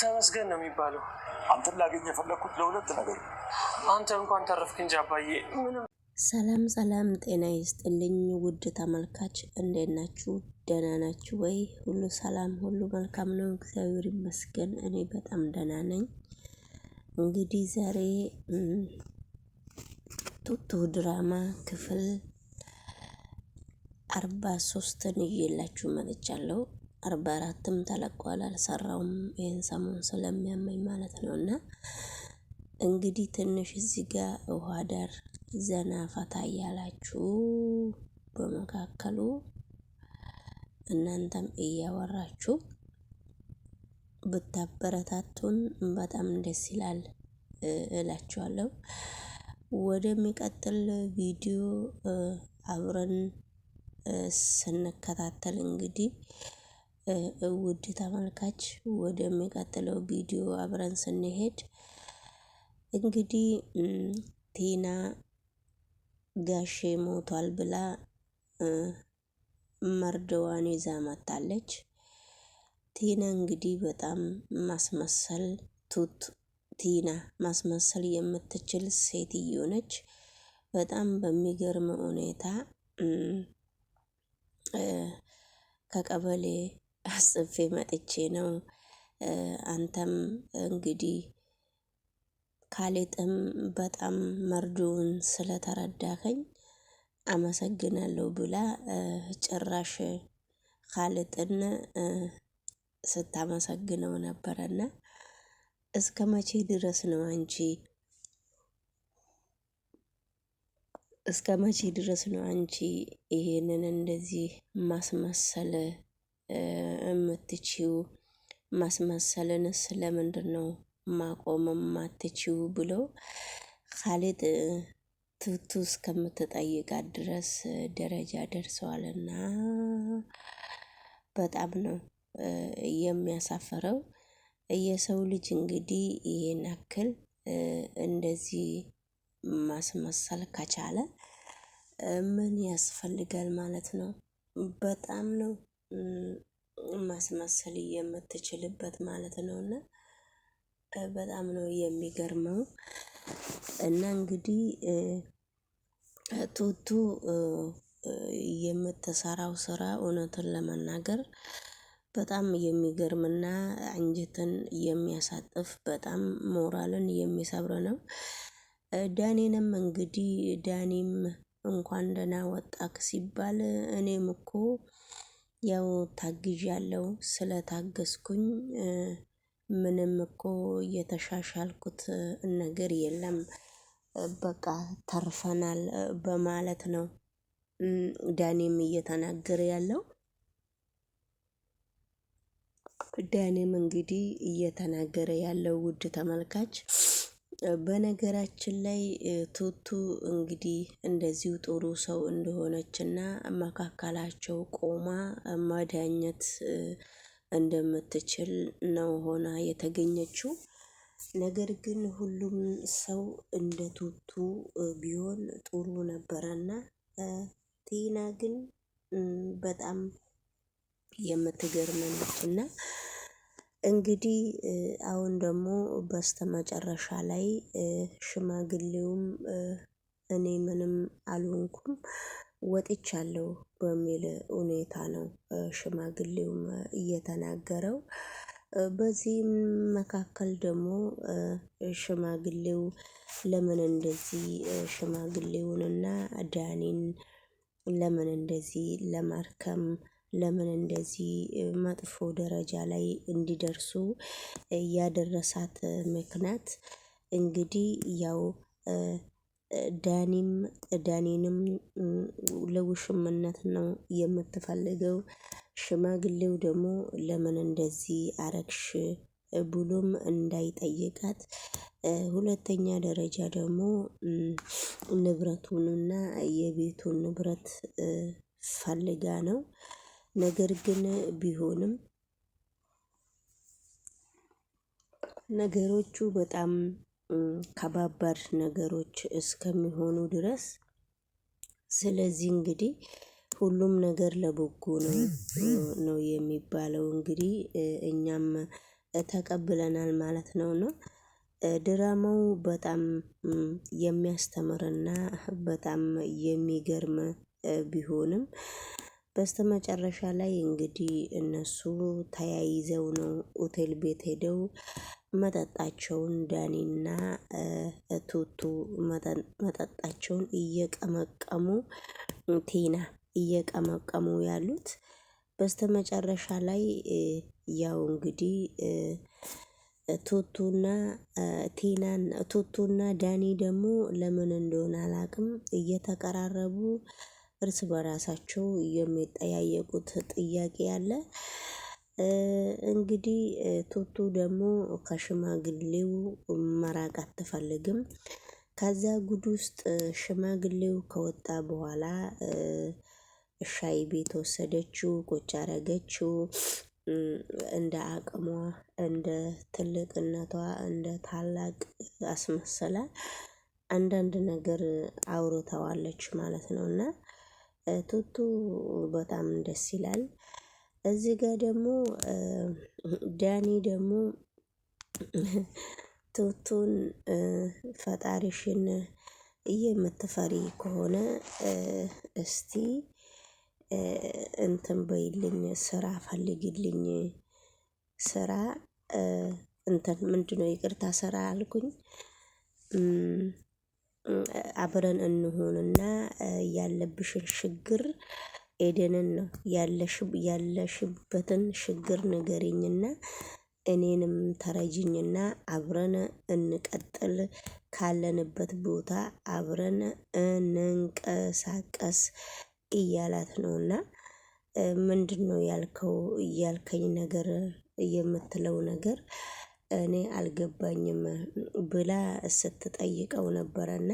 ተመስገን ነው የሚባለው። አንተን ላገኝ የፈለግኩት ለሁለት ነገር። አንተ እንኳን ተረፍክ እንጂ አባዬ ምንም። ሰላም ሰላም፣ ጤና ይስጥልኝ ውድ ተመልካች፣ እንዴት ናችሁ? ደህና ናችሁ ወይ? ሁሉ ሰላም፣ ሁሉ መልካም ነው። እግዚአብሔር ይመስገን፣ እኔ በጣም ደህና ነኝ። እንግዲህ ዛሬ ቱቱ ድራማ ክፍል አርባ ሶስትን እየላችሁ መጥቻለሁ። አርባ አራትም ተለቋል። አልሰራውም ይህን ሰሞን ስለሚያመኝ ማለት ነው። እና እንግዲህ ትንሽ እዚህ ጋር ውሃ ዳር ዘና ፈታ እያላችሁ በመካከሉ እናንተም እያወራችሁ ብታበረታቱን በጣም ደስ ይላል እላችኋለሁ። ወደሚቀጥል ቪዲዮ አብረን ስንከታተል እንግዲህ ውድ ተመልካች ወደሚቀጥለው ቪዲዮ አብረን ስንሄድ እንግዲህ ቲና ጋሼ ሞቷል ብላ መርደዋን ይዛ መታለች። ቲና እንግዲህ በጣም ማስመሰል ቱት ቲና ማስመሰል የምትችል ሴትዮ ነች። በጣም በሚገርም ሁኔታ ከቀበሌ አስፌ መጥቼ ነው። አንተም እንግዲህ ካሌጥም በጣም መርዶውን ስለተረዳኸኝ አመሰግናለሁ ብላ ጭራሽ ካሌጥን ስታመሰግነው ነበረና እስከ መቼ ድረስ ነው አንቺ እስከ መቼ ድረስ ነው አንቺ ይሄንን እንደዚህ ማስመሰል የምትችው? ማስመሰልን ስለምንድን ነው ማቆም ማትችው ብሎ ካሊድ ትቱ እስከምትጠይቃት ድረስ ደረጃ ደርሰዋልና በጣም ነው የሚያሳፍረው። የሰው ልጅ እንግዲህ ይሄን ያክል እንደዚህ ማስመሰል ከቻለ ምን ያስፈልጋል ማለት ነው። በጣም ነው ማስመሰል የምትችልበት ማለት ነው። እና በጣም ነው የሚገርመው። እና እንግዲህ ቱቱ የምትሰራው ስራ እውነትን ለመናገር በጣም የሚገርምና አንጀትን የሚያሳጥፍ በጣም ሞራልን የሚሰብር ነው። ዳኔንም እንግዲህ ዳኔም እንኳን ደህና ወጣክ ሲባል እኔም እኮ ያው ታግዥ ያለው ስለታገስኩኝ ምንም እኮ የተሻሻልኩት ነገር የለም። በቃ ተርፈናል በማለት ነው። ዳኔም እየተናገረ ያለው ዳኔም እንግዲህ እየተናገረ ያለው ውድ ተመልካች በነገራችን ላይ ቱቱ እንግዲህ እንደዚሁ ጥሩ ሰው እንደሆነች እና መካከላቸው ቆማ ማዳኘት እንደምትችል ነው ሆና የተገኘችው። ነገር ግን ሁሉም ሰው እንደ ቱቱ ቢሆን ጥሩ ነበረና ቲና ግን በጣም የምትገርመነች እና እንግዲህ አሁን ደግሞ በስተመጨረሻ ላይ ሽማግሌውም እኔ ምንም አልሆንኩም ወጥቻለሁ በሚል ሁኔታ ነው ሽማግሌውም እየተናገረው። በዚህም መካከል ደግሞ ሽማግሌው ለምን እንደዚህ ሽማግሌውንና ዳኒን ለምን እንደዚህ ለማርከም ለምን እንደዚህ መጥፎ ደረጃ ላይ እንዲደርሱ ያደረሳት ምክንያት እንግዲህ ያው ዳኒም ዳኒንም ለውሽምነት ነው የምትፈልገው። ሽማግሌው ደግሞ ለምን እንደዚህ አረግሽ ብሎም እንዳይጠይቃት፣ ሁለተኛ ደረጃ ደግሞ ንብረቱንና የቤቱን ንብረት ፈልጋ ነው። ነገር ግን ቢሆንም ነገሮቹ በጣም ከባባድ ነገሮች እስከሚሆኑ ድረስ ስለዚህ እንግዲህ ሁሉም ነገር ለበጎ ነው ነው የሚባለው። እንግዲህ እኛም ተቀብለናል ማለት ነው። እና ድራማው በጣም የሚያስተምርና በጣም የሚገርም ቢሆንም በስተመጨረሻ ላይ እንግዲህ እነሱ ተያይዘው ነው ሆቴል ቤት ሄደው መጠጣቸውን ዳኒና ቱቱ መጠጣቸውን እየቀመቀሙ ቴና እየቀመቀሙ ያሉት። በስተመጨረሻ ላይ ያው እንግዲህ ቱቱና ቴናን ቱቱና ዳኒ ደግሞ ለምን እንደሆነ አላቅም እየተቀራረቡ እርስ በራሳቸው የሚጠያየቁት ጥያቄ አለ። እንግዲህ ቱቱ ደግሞ ከሽማግሌው መራቅ አትፈልግም። ከዛ ጉድ ውስጥ ሽማግሌው ከወጣ በኋላ ሻይ ቤት ወሰደችው ቁጭ አደረገችው። እንደ አቅሟ እንደ ትልቅነቷ እንደ ታላቅ አስመሰላ አንዳንድ ነገር አውርተዋለች ማለት ነው። እና ቱቱ በጣም ደስ ይላል። እዚህ ጋር ደግሞ ዳኒ ደግሞ ቱቱን ፈጣሪሽን የምትፈሪ ከሆነ እስቲ እንትን በይልኝ ስራ ፈልግልኝ ስራ እንትን ምንድነው ይቅርታ ስራ አልኩኝ። አብረን እንሁንና ያለብሽን ችግር ኤደንን ነው ያለሽበትን ችግር ንገሪኝና እኔንም ተረጅኝና አብረን እንቀጥል፣ ካለንበት ቦታ አብረን እንንቀሳቀስ እያላት ነውና ምንድን ነው ያልከው እያልከኝ ነገር የምትለው ነገር እኔ አልገባኝም ብላ ስትጠይቀው ነበረና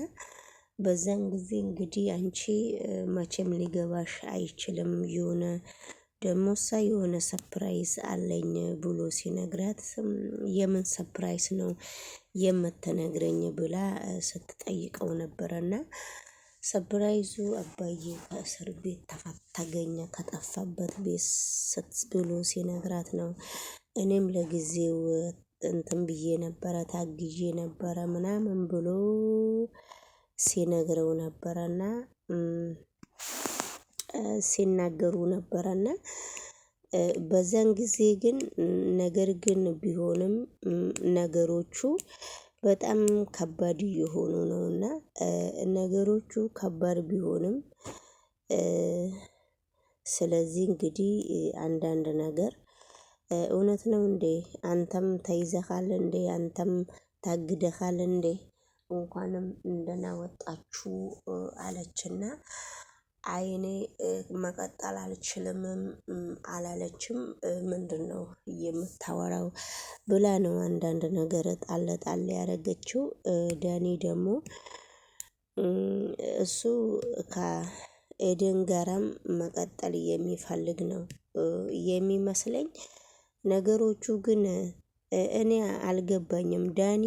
በዛን ጊዜ እንግዲህ አንቺ መቼም ሊገባሽ አይችልም የሆነ ደግሞ እሷ የሆነ ሰፕራይዝ አለኝ ብሎ ሲነግራት የምን ሰፕራይዝ ነው የምትነግረኝ ብላ ስትጠይቀው ነበረና ሰፕራይዙ አባዬ ከእስር ቤት ተፋት ተገኘ ከጠፋበት ቤት ብሎ ሲነግራት ነው። እኔም ለጊዜው እንትን ብዬ ነበረ ታግዤ ነበረ ምናምን ብሎ ሲነግረው ነበረና ሲናገሩ ነበረና በዛን ጊዜ ግን ነገር ግን ቢሆንም ነገሮቹ በጣም ከባድ እየሆኑ ነውና ነገሮቹ ከባድ ቢሆንም ስለዚህ እንግዲህ አንዳንድ ነገር እውነት ነው እንዴ? አንተም ተይዘኻል እንዴ? አንተም ታግደኻል እንዴ? እንኳንም እንደና ወጣችሁ አለችና አይኔ መቀጠል አልችልምም አላለችም። ምንድን ነው የምታወራው ብላ ነው አንዳንድ ነገር ጣል ጣል ያደረገችው። ዳኒ ደግሞ እሱ ከኤደን ጋራም መቀጠል የሚፈልግ ነው የሚመስለኝ። ነገሮቹ ግን እኔ አልገባኝም። ዳኒ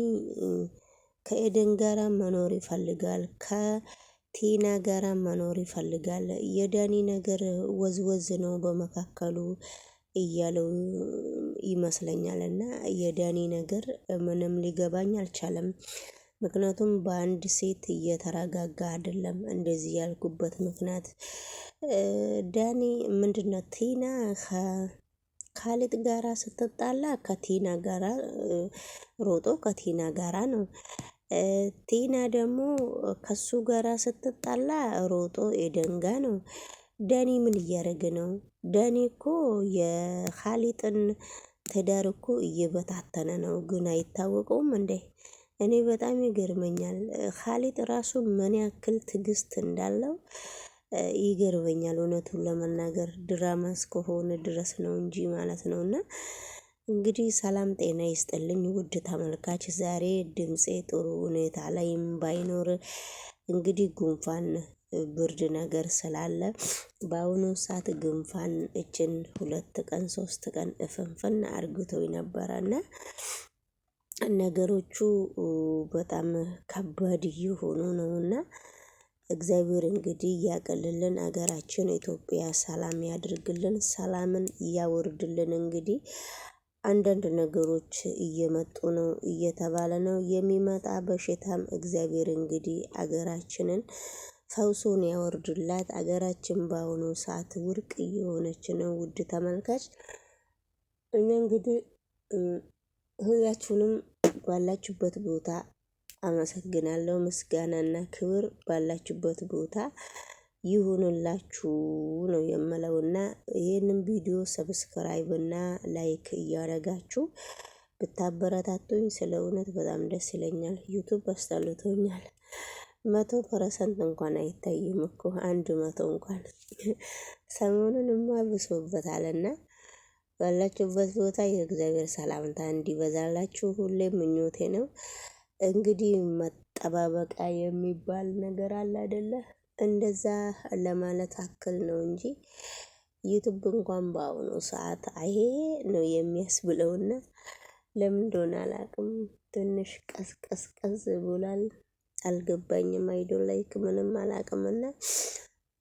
ከኤደን ጋራ መኖር ይፈልጋል ከቲና ጋራ መኖር ይፈልጋል የዳኒ ነገር ወዝወዝ ነው በመካከሉ እያለው ይመስለኛል። እና የዳኒ ነገር ምንም ሊገባኝ አልቻለም። ምክንያቱም በአንድ ሴት እየተረጋጋ አይደለም እንደዚህ ያልኩበት ምክንያት ዳኒ ምንድነው ቲና ከካሊድ ጋራ ስትጣላ ከቲና ጋራ ሮጦ ከቲና ጋራ ነው። ቲና ደግሞ ከሱ ጋራ ስትጣላ ሮጦ ኤደን ነው። ደኒ ምን እያደረገ ነው? ደኒ እኮ የካሊጥን ትዳር እኮ እየበታተነ ነው፣ ግን አይታወቀውም እንዴ? እኔ በጣም ይገርመኛል። ካሊጥ ራሱ ምን ያክል ትዕግስት እንዳለው ይገርበኛል። እውነቱን ለመናገር ድራማ እስከሆነ ድረስ ነው እንጂ ማለት ነው እና እንግዲህ ሰላም ጤና ይስጥልኝ ውድ ተመልካች፣ ዛሬ ድምፄ ጥሩ ሁኔታ ላይም ባይኖር እንግዲህ ጉንፋን ብርድ ነገር ስላለ በአሁኑ ሰዓት ጉንፋን እችን ሁለት ቀን ሶስት ቀን እፍንፍን አርግቶኝ ነበረና ነገሮቹ በጣም ከባድ እየሆኑ ነውና እግዚአብሔር እንግዲህ ያቀልልን አገራችን ኢትዮጵያ ሰላም ያድርግልን፣ ሰላምን እያወርድልን። እንግዲህ አንዳንድ ነገሮች እየመጡ ነው እየተባለ ነው የሚመጣ በሽታም እግዚአብሔር እንግዲህ አገራችንን ፈውሶን ያወርድላት። አገራችን በአሁኑ ሰዓት ውርቅ እየሆነች ነው። ውድ ተመልካች እኛ እንግዲህ ሁላችሁንም ባላችሁበት ቦታ አመሰግናለሁ። ምስጋናና ክብር ባላችሁበት ቦታ ይሁንላችሁ ነው የምለው እና ይህንን ቪዲዮ ሰብስክራይብ እና ላይክ እያደረጋችሁ ብታበረታቱኝ ስለ እውነት በጣም ደስ ይለኛል። ዩቱብ አስጠልቶኛል። መቶ ፐርሰንት እንኳን አይታይም እኮ አንድ መቶ እንኳን ሰሞኑንማ እና ባላችሁበት ቦታ የእግዚአብሔር ሰላምታ እንዲበዛላችሁ ሁሌ ምኞቴ ነው። እንግዲህ መጠባበቂያ የሚባል ነገር አለ አይደለ? እንደዛ ለማለት አክል ነው እንጂ ዩቱብ እንኳን በአሁኑ ሰዓት አይሄ ነው የሚያስብለውና ለምን እንደሆነ አላውቅም። ትንሽ ቀስቀስቀስ ብሏል። አልገባኝም። አይዶ ላይክ ምንም አላውቅምና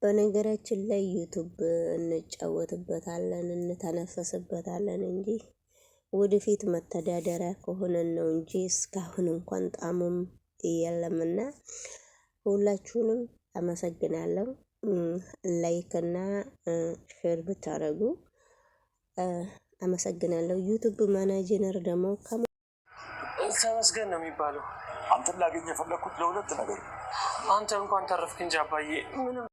በነገራችን ላይ ዩቱብ እንጫወትበታለን፣ እንተነፈስበታለን እንጂ ወደፊት መተዳደሪያ ከሆነ ነው እንጂ እስካሁን እንኳን ጣሙም የለምና ሁላችሁንም አመሰግናለሁ። ላይክ እና ሼር ብታደርጉ አመሰግናለሁ። ዩቱብ ማናጀነር ደግሞ ተመስገን ነው የሚባለው። አንተን ላገኝ የፈለግኩት ለሁለት ነገር አንተ እንኳን ተረፍክ እንጂ አባዬ ምንም